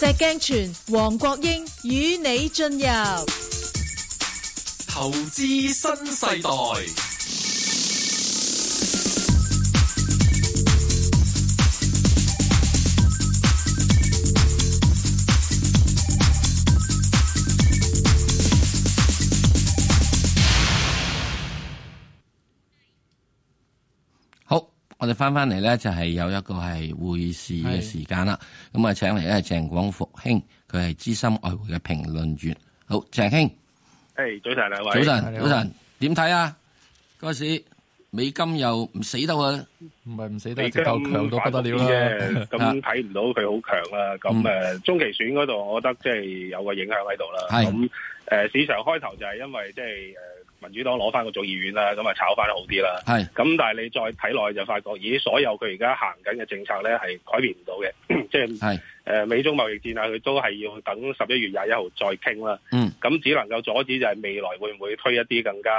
石鏡泉，黃國英與你進入投資新世代。翻翻嚟咧，就係有一個係匯市嘅時間啦。咁啊，請嚟咧，鄭廣復兄，佢係資深外匯嘅評論員。好，鄭兄，誒，早晨，兩位，早晨，早晨。點睇啊？嗰陣美金又唔死得喎，唔係唔死得，直頭強到不得了啦。咁睇唔到佢好強啦。咁誒，中期選嗰度，我覺得即係有個影響喺度啦。咁誒，市場開頭就係因為即係誒。民主黨攞翻個眾議院啦，咁啊炒翻好啲啦。係是，咁但係你再睇落去就發覺，咦？所有佢而家行緊嘅政策咧，係改變唔到嘅。即係、 就是是呃、美中貿易戰啊，佢都係要等十一月廿一號再傾啦。嗯，咁只能夠阻止就係未來會唔會推一啲更加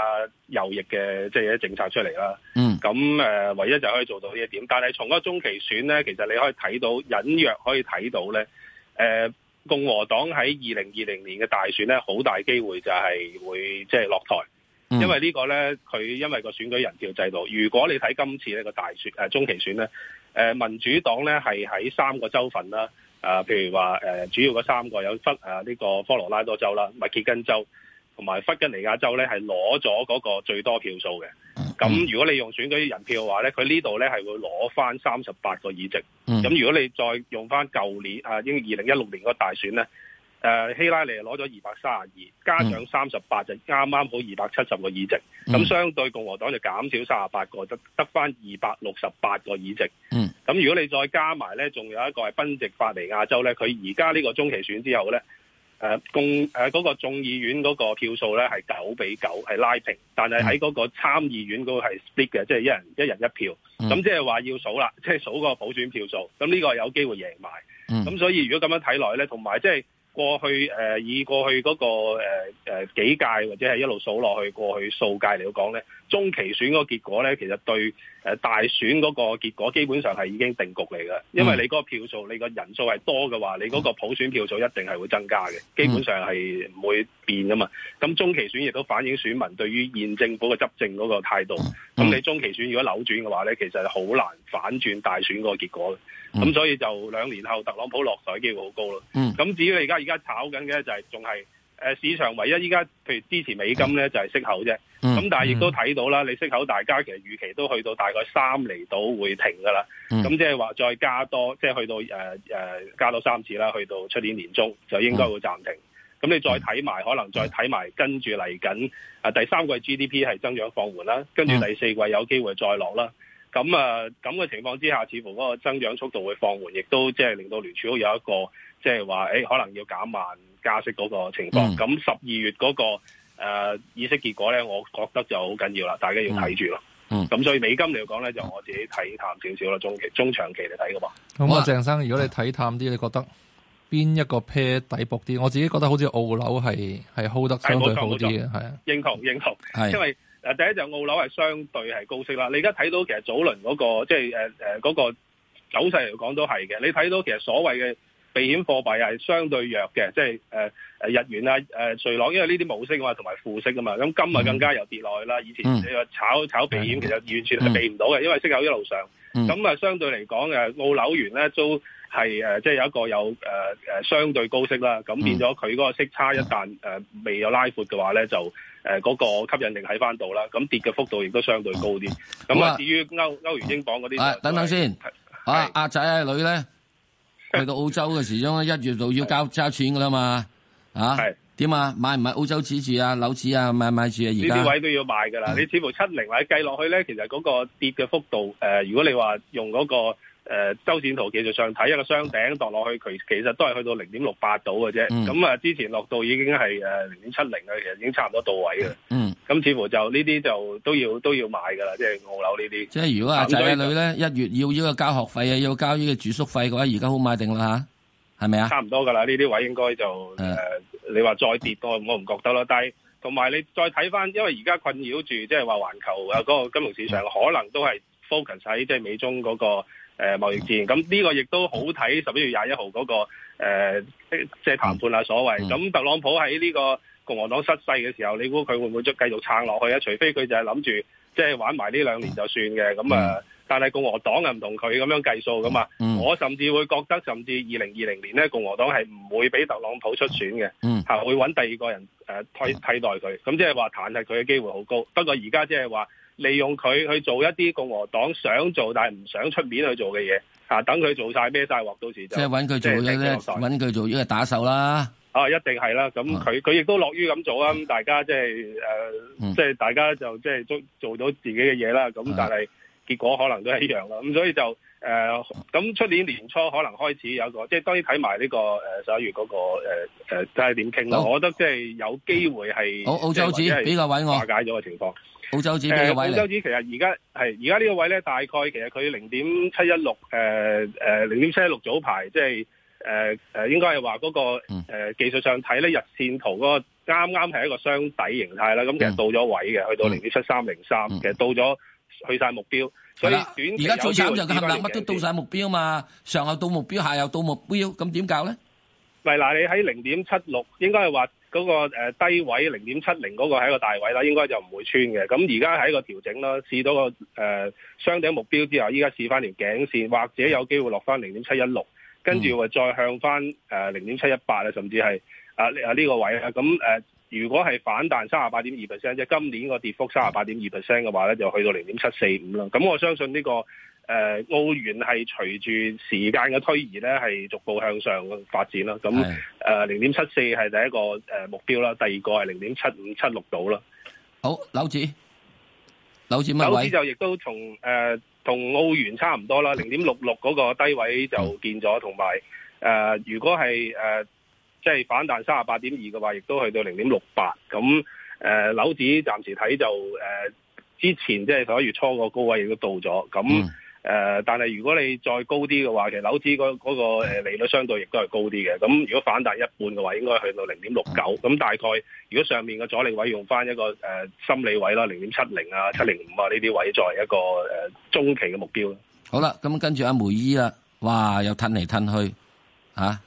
右翼嘅即、就是、政策出嚟啦。嗯，咁、呃、唯一就可以做到呢一點，但係從嗰個中期選咧，其實你可以睇到隱約可以睇到咧、呃，共和黨喺二零二零年嘅大選咧，好大機會就係會即係、就是、落台。因為呢個呢，佢因為個選舉人票制度，如果你睇今次呢個大選，誒、呃、中期選呢，誒、呃、民主黨呢係喺三個州份啦、呃，譬如話誒、呃、主要嗰三個有弗誒呢個科羅拉多州啦、密歇根州同埋弗吉尼亞州呢，係攞咗嗰個最多票數嘅。咁、嗯、如果你用選舉人票嘅話呢，佢呢度呢係會攞翻三十八個議席。咁、嗯、如果你再用翻舊年啊，應二零一六年個大選呢。誒、呃，希拉里攞咗二百卅二，加上三十八，就啱啱好二百七十個議席。咁、嗯、相對共和黨就減少卅八個，得得返二百六十八個議席。嗯。咁如果你再加埋咧，仲有一個係賓夕法尼亞州咧，佢而家呢個中期選之後咧，誒、呃、共誒嗰、呃那個眾議院嗰個票數咧係九比九係拉平，但係喺嗰個參議院嗰個係 split 嘅，即、就、係、是、一人一人一票。咁即係話要數啦，即係數個普選票數。咁呢個有機會贏埋。咁、嗯、所以如果咁樣睇落咧，同埋即係。過去誒、呃，以過去嗰、那個誒誒、呃呃、幾屆或者係一路數落去過去數屆嚟講咧。中期選嗰個結果咧，其實對誒大選嗰個結果基本上係已經定局嚟嘅，因為你嗰個票數，你個人數係多嘅話，你嗰個普選票數一定係會增加嘅，基本上係唔會變噶嘛。咁中期選亦都反映選民對於現政府嘅執政嗰個態度。咁你中期選如果扭轉嘅話咧，其實係好難反轉大選嗰個結果嘅。咁所以就兩年後特朗普落水機會好高咯。咁至於佢而家而家炒緊嘅就係仲係。誒市場唯一依家譬如支持美金咧，就係、是、息口啫。咁、嗯、但係亦都睇到啦，你息口大家其實預期都去到大概三厘到會停噶啦。咁即係話再加多，即、就、係、是、去到誒、呃呃、加多三次啦，去到出年年中就應該會暫停。咁、嗯、你再睇埋，可能再睇埋、嗯、跟住嚟緊啊第三季 GDP 係增長放緩啦，跟住第四季有機會再落啦。咁啊咁嘅情況之下，似乎嗰個增長速度會放緩，亦都即係令到聯儲會有一個即係話誒可能要減慢。加息嗰個情況，咁十二月嗰、那個、呃、議息結果咧，我覺得就好緊要啦，大家要睇住咯。嗯，咁所以美金嚟講咧，就我自己睇淡少少啦，中期、中長期嚟睇嘅話。咁啊吧，鄭生，如果你睇淡啲，是你覺得邊一個 pair 抵博啲？我自己覺得好似澳紐係係 hold 得相對好啲嘅，係啊是。認同認同，係是因為誒第一就是澳紐係相對係高息啦。你而家睇到其實早輪嗰、那個即係誒誒嗰個走勢嚟講都係嘅。你睇到其實所謂嘅。避險貨幣係相對弱嘅，即係誒誒日元啊、誒瑞郎，因為呢啲無息嘅話同埋負息嘅嘛，咁金更加又跌落去啦。以前你話炒炒避險，其實完全係避唔到嘅，因為息口一路上。咁啊、嗯，相對嚟講誒澳紐元咧，都係誒即係有一個有誒誒相對高息啦。咁、嗯、變咗佢嗰個息差一旦誒未有拉闊嘅話咧，就誒嗰個吸引力喺翻度啦。咁跌嘅幅度亦都相對高啲。咁啊啦，至於歐歐元英、就是、英鎊嗰啲，等等先，阿阿仔阿女咧。 去到澳洲嘅時鐘，一月度要交是的 交錢噶啦嘛，啊，點是的 啊？買唔買澳洲指住啊、樓市啊、買買住啊？而家呢位都要買噶啦。你似乎七零或者計落去咧，其實嗰個跌嘅幅度，誒、呃，如果你話用嗰、嗰個。誒周線圖技術上睇一個雙頂墮落去，其其實都係去到零點六八度嘅啫。咁啊、嗯，之前落到已經係誒零點七零啊，其實已經差唔多到位嘅。嗯，咁似乎就呢啲就都要都要買㗎啦，即係澳樓呢啲。即係如果阿仔女咧一,一月要呢交學費啊，要交呢個住宿費嘅話，而家好買定啦係係咪啊？差唔多㗎啦，呢啲位應該就誒、嗯、你話再跌多，我唔覺得啦。但係同埋你再睇翻，因為而家困擾住即係話環球啊嗰、那個金融市場，嗯、可能都係 focus 喺即係美中嗰、那個。誒、呃、貿易戰咁，呢個亦都好睇十一月廿一號嗰個誒，即係談判啊所謂咁，、嗯嗯、特朗普喺呢個共和黨失勢嘅時候，你估佢會唔會再繼續撐落去啊？除非佢就係諗住即係玩埋呢兩年就算嘅咁啊。呃嗯、但係共和黨又唔同佢咁樣計數噶嘛。嗯嗯、我甚至會覺得，甚至二零二零年咧，共和黨係唔會俾特朗普出選嘅，嚇、嗯嗯、會揾第二個人誒、呃、替替代佢。咁即係話彈係佢嘅機會好高。不過而家即係話。利用佢去做一啲共和黨想做但係唔想出面去做嘅嘢、啊，等佢做晒孭晒鑊，或到時就即係揾佢做一啲，揾佢做一啲打手啦。啊，一定係啦。咁佢佢亦都樂於咁做啊。咁大家即係誒，即係大家就即、是、係、呃嗯、做做咗自己嘅嘢啦。咁但係結果可能都係一樣啦咁、嗯、所以就誒，咁、呃、出年年初可能開始有個，即、就、係、是、當然睇埋呢個誒十一月嗰、那個誒誒，即係點傾？我覺得即係有機會係好、嗯、澳洲紙比較位。我化解咗嘅情況。澳洲紙個位，呃、洲紙其實而家係而家呢個位咧，大概其實佢零點七一六，誒誒零點七一六早排，即係誒誒，應該係話嗰個誒、呃、技術上睇咧，日線圖嗰、那個啱啱係一個雙底形態啦。咁其實到咗位嘅，去到零點七三零三，嗯、其實到咗去晒目標。嗯、所以而家最慘就佢冚唪唥乜都到晒目標嘛，上又到目標，下又到目標，咁點搞咧？喂，嗱，你喺零點七六，應該係話。嗰個低位零點七零嗰個係一個大位啦，應該就唔會穿嘅。咁而家係一個調整啦，試到個誒、呃、雙頂目標之後，依家試翻條頸線，或者有機會落翻零點七一六，跟住再向翻誒零點七一八啊，甚至係啊啊呢個位啦。咁誒、呃，如果係反彈三十八點二 percent 啫，即係、今年個跌幅三十八點二 percent 嘅話咧，就去到零點七四五啦。咁我相信呢、呢個。誒，澳元係隨住時間嘅推移咧，係逐步向上發展啦。咁誒，零點七四係第一個誒目標啦，第二個係零點七五、七六度啦。好，紐指，紐指乜位？紐指就亦都同誒同澳元差唔多啦，零點六六嗰個低位就見咗，同埋誒，如果係誒即係反彈三十八點二嘅話，亦都去到零點六八。咁、呃、誒，紐指暫時睇就誒、呃、之前即係十一月初個高位亦都到咗。咁 誒、呃，但係如果你再高啲嘅話，其實樓市嗰個利率相對亦都係高啲嘅。咁如果反彈一半嘅話，應該去到零點六九。咁大概如果上面嘅阻力位用翻一個、呃、心理位啦，零點七零啊、七零五啊呢啲位作為一個、呃、中期嘅目標。好啦，咁跟住阿梅姨啦，哇，又褪嚟褪去、啊、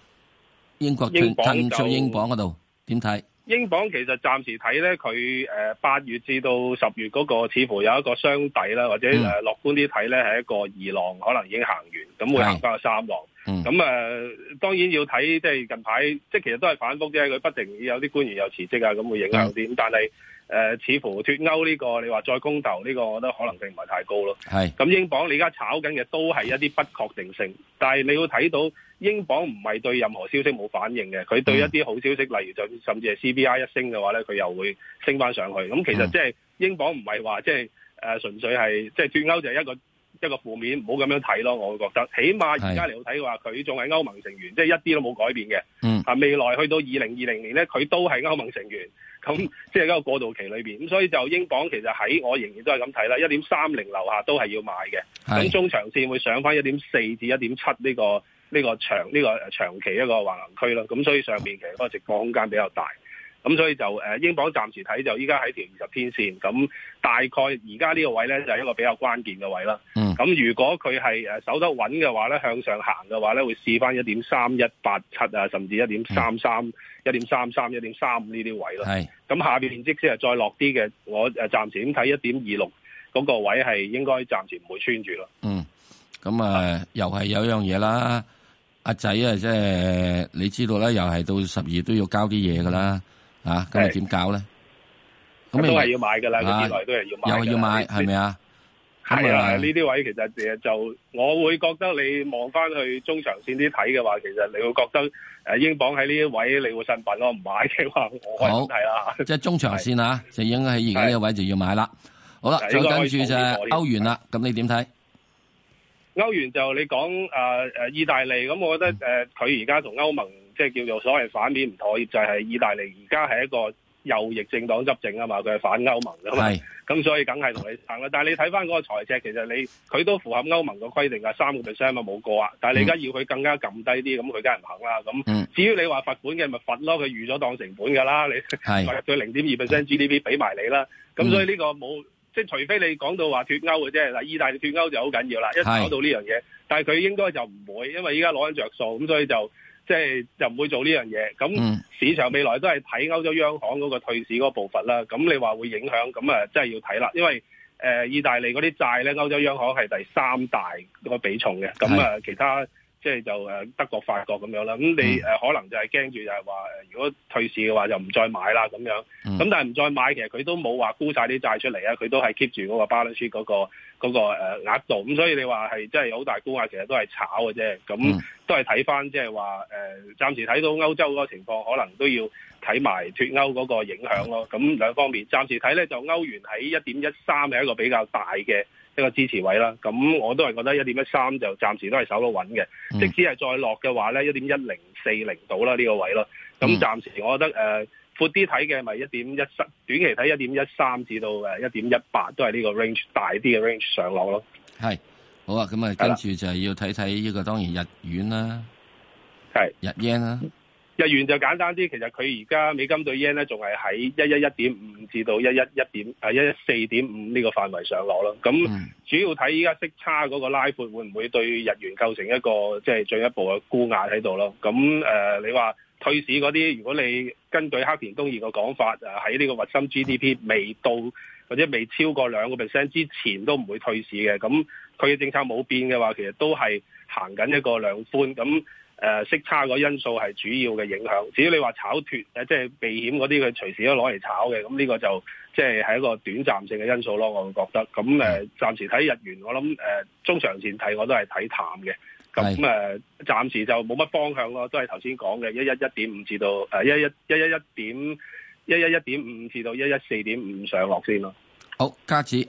英國褪褪出英鎊嗰度點睇？英鎊其實暫時睇咧，佢誒八月至到十月嗰個似乎有一個雙底啦，或者誒樂、mm. 觀啲睇咧係一個二浪，可能已經行完，咁會行翻個三浪。咁誒、mm. 嗯呃，當然要睇即係近排，即係其實都係反覆啫。佢不停有啲官員又辭職啊，咁會影響啲。Mm. 但係。誒、呃，似乎脱歐呢、這個，你話再公投呢個，我覺得可能性唔係太高咯。係咁是，英鎊你而家炒緊嘅都係一啲不確定性，但係你要睇到英鎊唔係對任何消息冇反應嘅，佢對一啲好消息，嗯、例如就甚至係 CBI 一升嘅話咧，佢又會升翻上去。咁其實即係英鎊唔係話即係誒純粹係即係脱歐就係一個一個負面，唔好咁樣睇咯。我會覺得，起碼而家嚟到睇嘅話，佢仲係歐盟成員，即、就、係、是、一啲都冇改變嘅。嗯、啊，未來去到二零二零年咧，佢都係歐盟成員。咁 即係一個過渡期裏面，咁所以就英鎊其實喺我仍然都係咁睇啦，一點三零樓下都係要買嘅。咁中長線會上返一點四至一點七呢個呢、呢個長呢、呢個長期一個橫行區啦。咁所以上面其實嗰個值博空間比較大。咁所以就誒，英鎊暫時睇就依家喺條二十天線，咁大概而家呢個位咧就係一個比較關鍵嘅位啦。嗯。咁如果佢係誒守得穩嘅話咧，向上行嘅話咧，會試翻一點三一八七啊，甚至一點三三、一點三三、一點三五呢啲位咯。係。咁下邊即係再落啲嘅，我誒暫時咁睇一點二六嗰個位係應該暫時唔會穿住咯。嗯。咁啊，又係有一樣嘢啦，阿仔啊，即係、就是、你知道啦，又係到十二都要交啲嘢噶啦。啊，咁點搞咧？咁都係要買噶啦，嗰啲位都係要買。又要買係咪啊？係啊，呢啲位其實就我會覺得你望翻去中長線啲睇嘅話，其實你會覺得誒英鎊喺呢一位你會信買咯，唔買嘅話我好啦，即係中長線啊，就應該喺而家呢個位就要買啦。好啦，再跟住就歐元啦，咁你點睇？歐元就你講誒誒意大利，咁我覺得誒佢而家同歐盟。即係叫做所謂反面唔妥協，就係、是、意大利而家係一個右翼政黨執政啊嘛，佢係反歐盟啊嘛。咁是所以梗係同你爭啦。但係你睇翻嗰個財赤，其實你佢都符合歐盟嘅規定噶，三個 percent 啊冇過啊。但係你而家要佢更加撳低啲，咁佢梗係唔肯啦。咁、嗯、至於你話罰款嘅，咪、就是、罰咯，佢預咗當成本㗎啦。你入佢零點二 percent GDP 俾埋你啦。咁所以呢個冇即係除非你講到話脱歐嘅啫。嗱，意大利脱歐就好緊要啦，一搞到呢樣嘢，是但係佢應該就唔會，因為依家攞緊着數，咁所以就。即係就唔會做呢樣嘢，咁市場未來都係睇歐洲央行嗰個退市嗰個步伐啦。咁你話會影響，咁啊，真係要睇啦。因為誒、呃、意大利嗰啲債咧，歐洲央行係第三大個比重嘅，咁啊其他。即係就誒德國、法國咁樣啦，咁你誒可能就係驚住就係話誒，如果退市嘅話就唔再買啦咁樣。咁、嗯、但係唔再買，其實佢都冇話沽晒啲債出嚟啊，佢都係 keep 住嗰個 balance sheet 嗰個嗰個額度。咁所以你話係真係好大沽啊，其實都係炒嘅啫。咁、嗯、都係睇翻即係話誒，暫時睇到歐洲嗰個情況，可能都要睇埋脫歐嗰個影響咯。咁兩方面，暫時睇咧就歐元喺一點一三係一個比較大嘅，一個支持位啦，咁我都係覺得一點一三就暫時都係守得穩嘅，即使係再落嘅話呢，一點一零四零到啦呢個位咯，咁暫時我覺得誒，闊啲睇嘅咪，一點一三，短期睇一點一三至到誒一點一八都係呢個 range 大啲嘅 range 上落咯。係，好啊，咁啊跟住就係要睇睇呢個當然日元啦，係是日 yen 啦。日元就簡單啲，其實佢而家美金對 yen 咧，仲係喺一一一點五至到一一一點係一一四點五呢個範圍上落咯。咁主要睇依家息差嗰個拉闊會唔會對日元構成一個即係、就是、進一步嘅沽壓喺度咯？咁誒、呃，你話退市嗰啲，如果你根據黑田東彥嘅講法，喺呢個核心 GDP 未到或者未超過兩個 percent 之前都唔會退市嘅。咁佢嘅政策冇變嘅話，其實都係行緊一個量寬咁。誒息、呃、差個因素係主要嘅影響，只要你話炒脱誒，即係避險嗰啲，佢隨時都攞嚟炒嘅，咁呢個就即係係一個短暫性嘅因素咯，我會覺得。咁、呃、暫時睇日元，我諗、呃、中長線睇我都係睇淡嘅。咁是、呃、暫時就冇乜方向咯，都係頭先講嘅一一一點五至到、呃、11, 11 1一一一一一點一一一點五至到一一四點五上落先咯。好，家聰，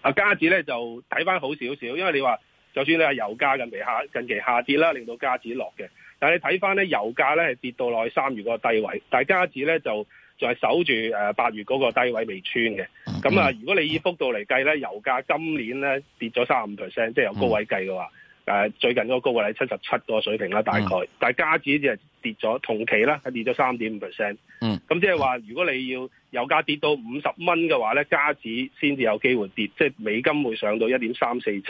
阿家聰咧就睇翻好少少，因為你話。就算你話油價近期下近期下跌啦，令到加紙落嘅。但你睇翻咧，油價咧跌到落去三月嗰個低位，但加紙咧就就係守住八月嗰個低位未穿嘅。咁啊、嗯，如果你以幅度嚟計咧，油價今年咧跌咗三十五 percent，即係由高位計嘅話、嗯啊，最近嗰個高位係七十七個水平啦，大概。嗯、但係加紙就跌咗，同期咧跌咗三點五 percent。嗯，咁即係話，如果你要油價跌到五十蚊嘅話咧，加紙先至有機會跌，即、就、係、是、美金會上到一點三四七。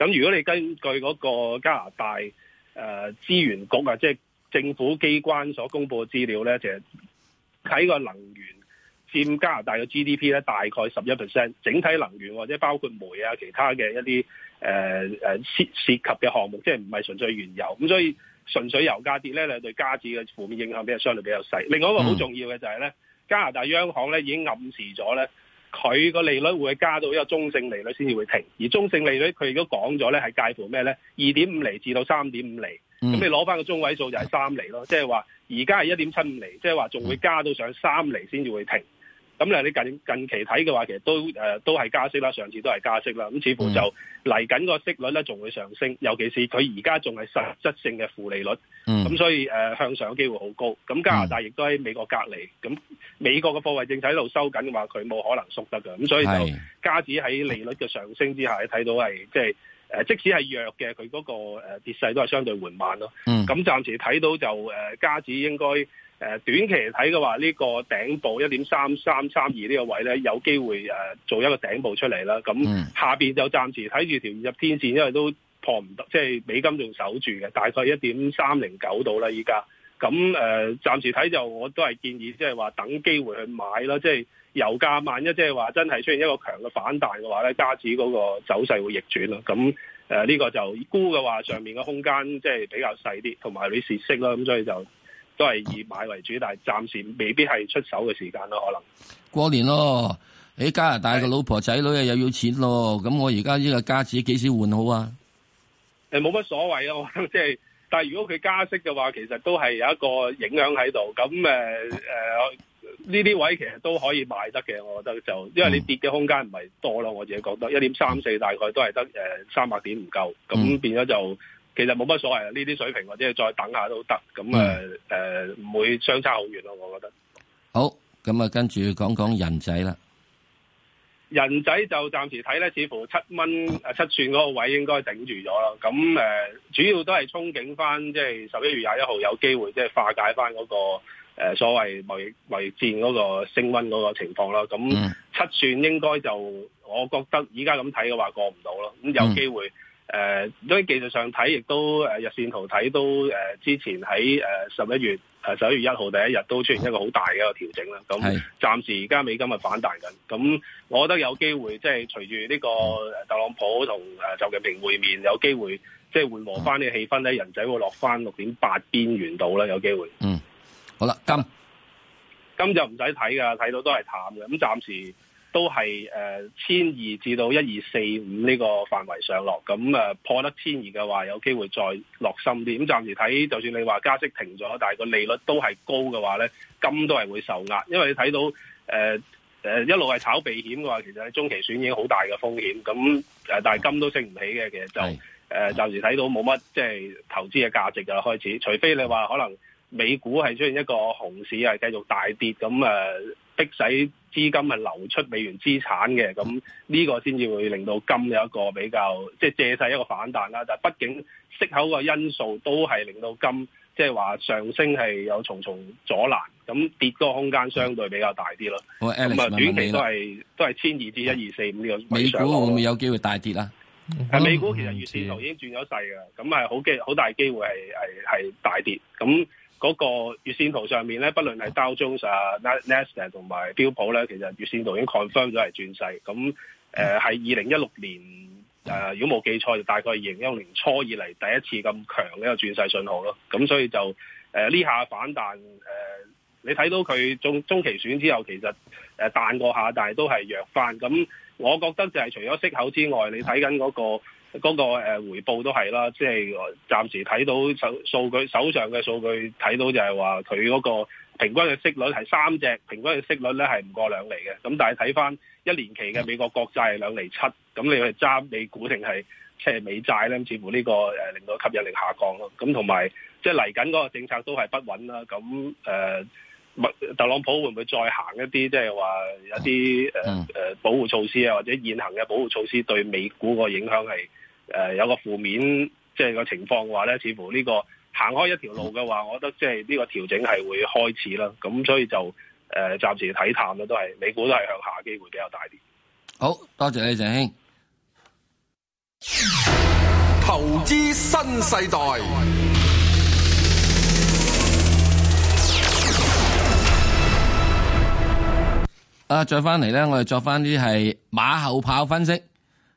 咁如果你根據嗰個加拿大誒、呃、資源局啊，即係政府機關所公佈嘅資料咧，其實喺個能源佔加拿大嘅 GDP 咧大概十一 percent，整體能源或者包括煤啊，其他嘅一啲誒誒涉涉及嘅項目，即係唔係純粹原油。咁所以純粹油價跌咧，你對加紙嘅負面影響比較相對比較細。另外一個好重要嘅就係咧，加拿大央行咧已經暗示咗咧。佢個利率會加到一個中性利率先至會停，而中性利率佢而家講咗咧係介乎咩咧？二點五厘至到三點五厘。咁、嗯、你攞翻個中位數就係三厘咯。即係話而家係一點七五厘，即係話仲會加到上三厘先至會停。咁你近近期睇嘅話，其實都都係加息啦，上次都係加息啦，咁似乎就嚟緊個息率咧，仲會上升，嗯、尤其是佢而家仲係實質性嘅負利率，咁、嗯、所以向上嘅機會好高。咁加拿大亦都喺美國隔離，咁、嗯、美國嘅貨幣政策喺度收緊嘅話，佢冇可能縮得㗎。咁所以就加指喺利率嘅上升之下，睇到係即係誒，即使係弱嘅，佢嗰個跌勢都係相對緩慢咯。咁、嗯嗯、暫時睇到就加指應該。誒短期睇嘅話，呢個頂部一點三三三二呢個位咧，有機會誒做一個頂部出嚟啦。咁下邊就暫時睇住條廿天線，因為都破唔到，即係美金仲守住嘅，大概一點三零九度啦依家。咁誒、呃、暫時睇就我都係建議，即係話等機會去買咯。即係油價萬一即係話真係出現一個強嘅反彈嘅話咧，加紙嗰個走勢會逆轉咯。咁誒呢個就沽嘅話，上面嘅空間即係比較細啲，同埋你蝕息啦。咁所以就。都係以買為主，但係暫時未必係出手嘅時間咯，可能過年咯，喺、哎、加拿大個老婆仔女啊又要錢咯，咁是我而家呢個價錢幾時換好啊？誒，冇乜所謂咯，我覺得即係，但係如果佢加息嘅話，其實都係有一個影響喺度。咁誒誒，呢、呃、啲、呃、位其實都可以買得嘅，我覺得就，因為你跌嘅空間唔係多咯，我自己覺得，一點三四大概都係得誒三百點唔夠，咁變咗就。嗯其實冇乜所謂啊，呢啲水平或者再等下都得，咁誒誒唔會相差好遠咯，我覺得。好，咁啊，跟住講講人仔啦。人仔就暫時睇咧，似乎七蚊誒七寸嗰個位應該頂住咗咯。咁誒、呃，主要都係憧憬翻，即係十一月廿一號有機會，即係化解翻嗰、嗰個誒、呃、所謂貿易、貿易戰嗰個升温嗰個情況咯。咁、嗯、七寸應該就我覺得而家咁睇嘅話過唔到咯，咁有機會。嗯誒、呃，因為技術上睇，亦都誒日線圖睇都誒、呃，之前喺誒十一月誒十一月一號第一日都出現一個好大嘅一個調整啦。咁暫時而家美金係反彈緊，咁我覺得有機會，即係隨住呢個特朗普同誒習近平會面，有機會即係緩和翻啲氣氛咧，人仔會落翻六點八邊緣度啦，有機會。嗯，好啦，金金就唔使睇噶，睇到都係淡嘅。咁暫時。都係誒千二至到一二四五呢個範圍上落，咁誒破得千二嘅話，有機會再落深啲。咁暫時睇，就算你話加息停咗，但係個利率都係高嘅話咧，金都係會受壓，因為你睇到誒、呃、一路係炒避險嘅話，其實喺中期選已經好大嘅風險。咁誒、啊，但係金都升唔起嘅，其實就誒的、呃、暫時睇到冇乜即係投資嘅價值就開始。除非你話可能美股係出現一個熊市，係繼續大跌，咁呃逼使。資金係流出美元資產嘅，咁呢個先至會令到金有一個比較，即係借勢一個反彈啦。但係畢竟息口嘅因素都係令到金，即係話上升係有重重阻攔，咁跌個空間相對比較大啲咯。短期都係都係千二至一二四五，呢個美股會唔會有機會大跌啦？係美股其實月線圖已經轉咗勢嘅，咁係好機好大機會係係係大跌咁。嗰個月線圖上面咧，不論係道瓊斯啊、納斯達同埋標普咧，其實月線圖已經 confirm 咗係轉勢。咁誒係二零一六年誒、呃，如果冇記錯，就大概二零一六年初以嚟第一次咁強嘅一個轉勢信號咯。咁所以就誒呢、呃、下反彈誒、呃，你睇到佢中中期選之後，其實誒、呃、彈過下，但係都係弱返。咁我覺得就係除咗息口之外，你睇緊嗰個。嗰個回報都係啦，即、就、係、是、暫時睇到手數據，手上嘅數據睇到就係話佢嗰個平均嘅息率係三隻，平均嘅息率咧係唔過兩厘嘅。咁但係睇翻一年期嘅美國國債係兩厘七，咁你去揸美股定係即係、就是、美債咧，似乎呢個誒令到吸引力下降咯。咁同埋即係嚟緊嗰個政策都係不穩啦。咁誒。呃特朗普會唔會再行一啲即係話有啲誒誒保護措施啊，或者現行嘅保護措施對美股的影響是、呃、個影響係誒有個負面即係、就是、個情況嘅話咧，似乎呢、這個行開一條路嘅話，我覺得即係呢個調整係會開始啦。咁所以就誒暫、呃、時睇淡啦，都係美股都係向下，機會比較大啲。好多謝，謝你鄭兄，投資新世代。啊，再翻嚟咧，我哋作翻啲係馬後炮分析，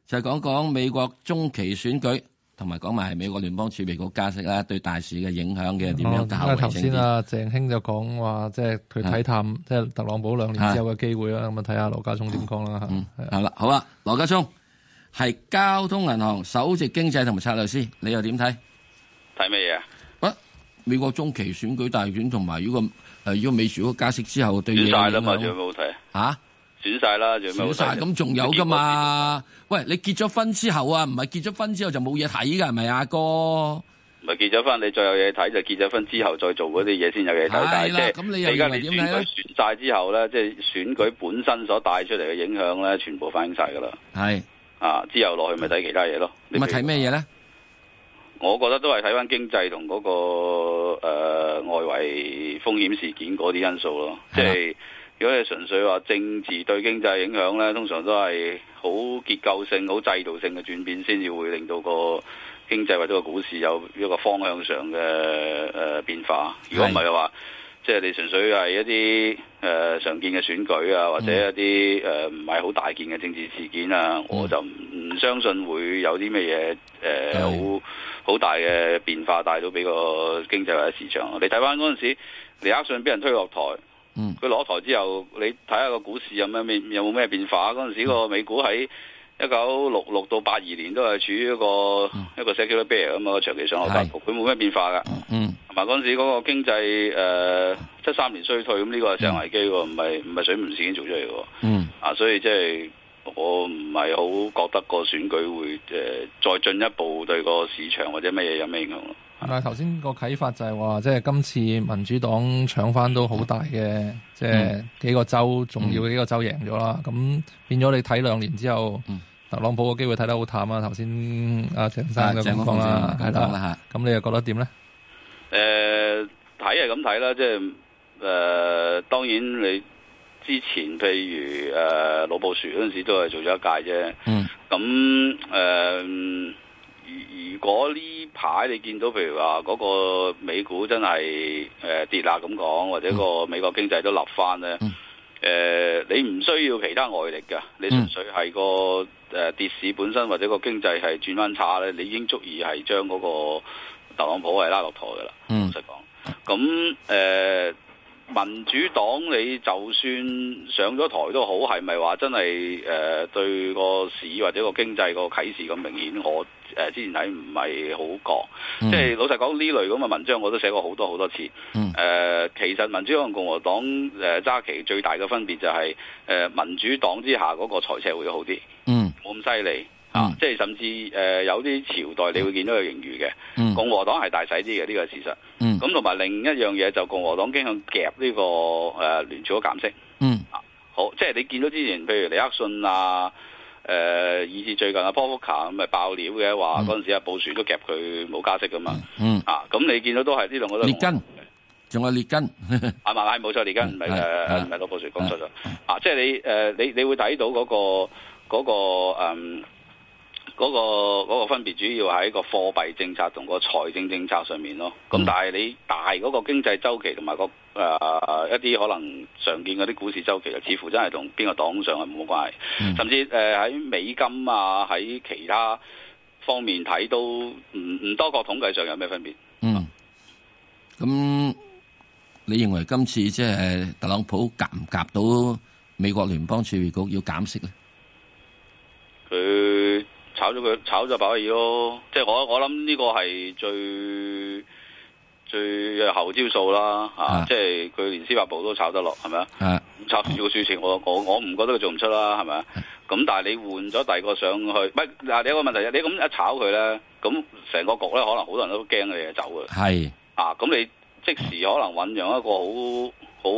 就係講講美國中期選舉，同埋講埋係美國聯邦儲備局加息啦對大市嘅影響嘅點樣搞先。頭先啊，鄭兄、啊、就講話，即係佢睇淡的即係特朗普兩年之後嘅機會啦，咁啊睇下羅家聰點講啦吓。係啦，好啦，羅家聰係交通銀行首席經濟同埋策略師，你又點睇？睇咩嘢啊？美國中期選舉大選同埋如果誒、如果美朝，如果加息之後對嘢，選晒啦嘛，仲有冇好睇啊？吓，選晒啦，冇晒咁仲有噶嘛？喂，你結咗婚之後啊，唔係結咗婚之後就冇嘢睇噶係咪阿哥？唔係結咗婚，你再有嘢睇就結咗婚之後再做嗰啲嘢先有嘢睇。係啦，咁你又點睇選晒之後咧，即係選舉本身所帶出嚟嘅影響咧，全部反映晒噶啦。係啊，之後落去咪睇其他嘢咯。你咪睇咩嘢咧？我覺得都係睇翻經濟同嗰、嗰個、呃、外圍風險事件嗰啲因素咯。是的即係如果你純粹話政治對經濟影響咧，通常都係好結構性、好制度性嘅轉變，先至會令到個經濟或者個股市有一個方向上嘅誒、呃、變化。如果唔係嘅話，即係你純粹係一啲誒、呃、常見嘅選舉啊，或者一啲誒唔係好大件嘅政治事件啊，嗯、我就唔相信會有啲咩嘢誒好。呃的好大嘅變化帶到俾個經濟或者市場。你睇翻嗰陣時，尼克遜俾人推落台，佢落、嗯、台之後，你睇下個股市有咩變，有冇咩變化？嗰陣時個美股喺一九六六到八二年都係處於一個、嗯、一個 secular bear 啊嘛，長期上落格局，佢冇咩變化噶。嗯，同埋嗰陣時嗰個經濟七三、呃、年衰退，咁呢個係上危機喎，唔係唔係水門事件做出嚟嘅。嗯，啊，所以即、就、係、是。我唔係好覺得個選舉會誒、呃、再進一步對個市場或者乜嘢有咩影響咯。係咪頭先個啟發就係話，即係今次民主黨搶翻都好大嘅，嗯、即係幾個州重要嘅幾個州贏咗啦。咁、嗯、變咗你睇兩年之後，嗯、特朗普嘅機會睇得好淡啊。頭先阿鄭生嘅情況啦，咁你又覺得點咧？誒，睇係咁睇啦，即係誒、呃，當然你。之前譬如誒、呃、老布殊嗰陣時都係做咗一屆啫，咁誒、嗯呃，如、如果呢排你見到譬如話嗰個美股真係、呃、跌喇咁講，或者個美國經濟都立翻咧，誒、嗯呃、你唔需要其他外力㗎。你純粹係、個、呃、跌市本身或者個經濟係轉翻差咧，你已經足以係將嗰個特朗普係拉落台㗎啦，唔使講。咁誒。民主黨你就算上咗台都好，係咪話真係誒、呃、對個市或者個經濟個啟示咁明顯？我誒、呃、之前睇唔係好講，嗯、即係老實講呢類咁嘅文章我都寫過好多好多次。誒、嗯呃，其實民主黨同共和黨誒揸旗最大嘅分別就係、是、誒、呃、民主黨之下嗰個財赤會好啲，冇咁犀利。啊，即係甚至誒有啲朝代，你會見到佢盈餘嘅。共和黨係大使啲嘅，呢個事實。咁同埋另一樣嘢就共和黨經常夾呢個誒聯儲嘅減息。啊，好，即係你見到之前，譬如尼克遜啊，誒以至最近啊，波福卡咁咪爆料嘅話，嗰陣時啊，布殊都夾佢冇加息噶嘛。啊，咁你見到都係呢兩個都列根，仲有列根啊嘛，係冇錯，列根唔係誒唔係老布殊講錯咗。啊，即係你誒你你會睇到嗰個嗰嗰、嗰個嗰個分別主要喺個貨幣政策同個財政政策上面咯，咁、嗯、但係你大嗰個經濟週期同埋、嗰個誒、呃、一啲可能常見嗰啲股市週期，就似乎真係同邊個黨上係冇關係，嗯、甚至誒喺、呃、美金啊，喺其他方面睇都唔唔多個統計上有咩分別？嗯，咁你認為今次即係特朗普夾唔夾到美國聯邦儲備局要減息呢？佢、嗯炒咗佢，炒咗鮑威爾咯，即係我我諗呢個係最最後招數啦，吓、啊啊，即係佢連司法部都炒得落，係咪啊？炒住個主席我我我唔覺得佢做唔出啦，係咪啊？咁但係你換咗第二個上去，喂，嗱，你一個問題，你咁一,一炒佢咧，咁成個局咧，可能好多人都驚你就走嘅，係是啊，咁你即時可能醞釀一個好好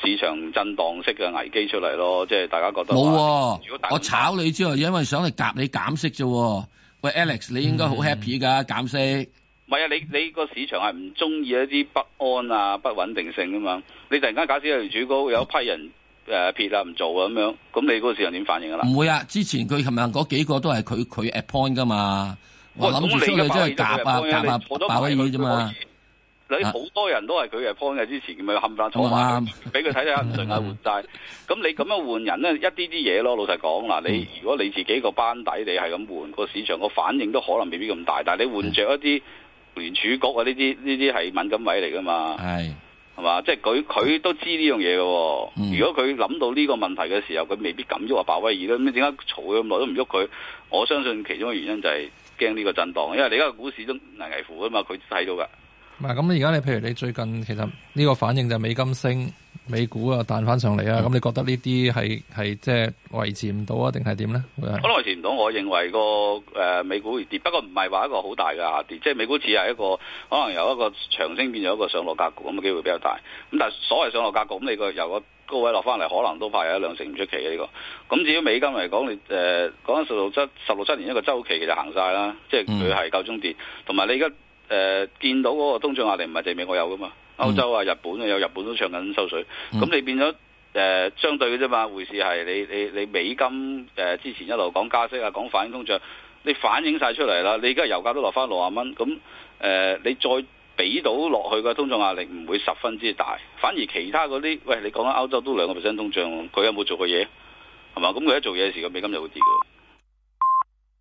市場震盪式嘅危機出嚟咯，即係大家覺得冇。啊、大我炒你之後，因為想嚟夾你減息啫。喂，Alex，你應該好 happy 㗎，嗯、減息。唔係啊，你你個市場係唔中意一啲不安啊、不穩定性㗎嘛。你突然間假設有條主高，有一批人誒撇啦，唔、呃、做啊，咁樣，咁你嗰個市場點反應啊？啦，唔會啊。之前佢琴日嗰幾個都係佢佢 appoint 㗎嘛。我諗佢真嚟即係夾啊，夾百百幾二啫嘛。好多人都係佢嘅 point 嘅、啊、之前咁樣冚下坐埋，俾佢睇睇下，唔順眼換曬。咁、嗯、你咁樣換人咧，一啲啲嘢咯。老實講啦，你、嗯、如果你自己個班底你係咁換，個市場個反應都可能未必咁大。但係你換着一啲聯儲局啊呢啲呢啲係敏感位嚟噶嘛，係係嘛？即係佢佢都知呢樣嘢嘅。如果佢諗到呢個問題嘅時候，佢未必敢喐話白威爾啦。咁點解嘈咗咁耐都唔喐佢？我相信其中嘅原因就係驚呢個震盪，因為你而家個股市都危乎啊嘛，佢睇到㗎。咁而家你譬如你最近，其實呢個反應就美金升、美股啊彈翻上嚟啊，咁、嗯、你覺得呢啲係係即係維持唔到啊，定係點咧？可能維持唔到，我認為個誒、呃、美股會跌，不過唔係話一個好大嘅下跌，即係美股只係一個可能由一個長升變咗一個上落格局咁嘅、那個、機會比較大。咁但係所謂上落格局，咁你個由個高位落翻嚟，可能都怕有一兩成唔出奇嘅呢個。咁至於美金嚟講，你誒講緊十六七、十六七年一個周期其實行晒啦，即係佢係夠鐘跌，同埋你而家。誒、呃，見到嗰個通脹壓力唔係淨係美國有噶嘛？歐洲啊、日本啊、嗯、有，日本都唱緊收水。咁你、嗯、變咗誒、呃，相對嘅啫嘛回事係你你你美金誒、呃，之前一路講加息啊，講反映通脹，你反映晒出嚟啦。你而家油價都落翻六啊蚊，咁誒、呃，你再俾到落去嘅通脹壓力唔會十分之大，反而其他嗰啲，喂，你講緊歐洲都兩個 percent 通脹，佢有冇做過嘢？係嘛？咁佢一做嘢時，個美金就會跌噶。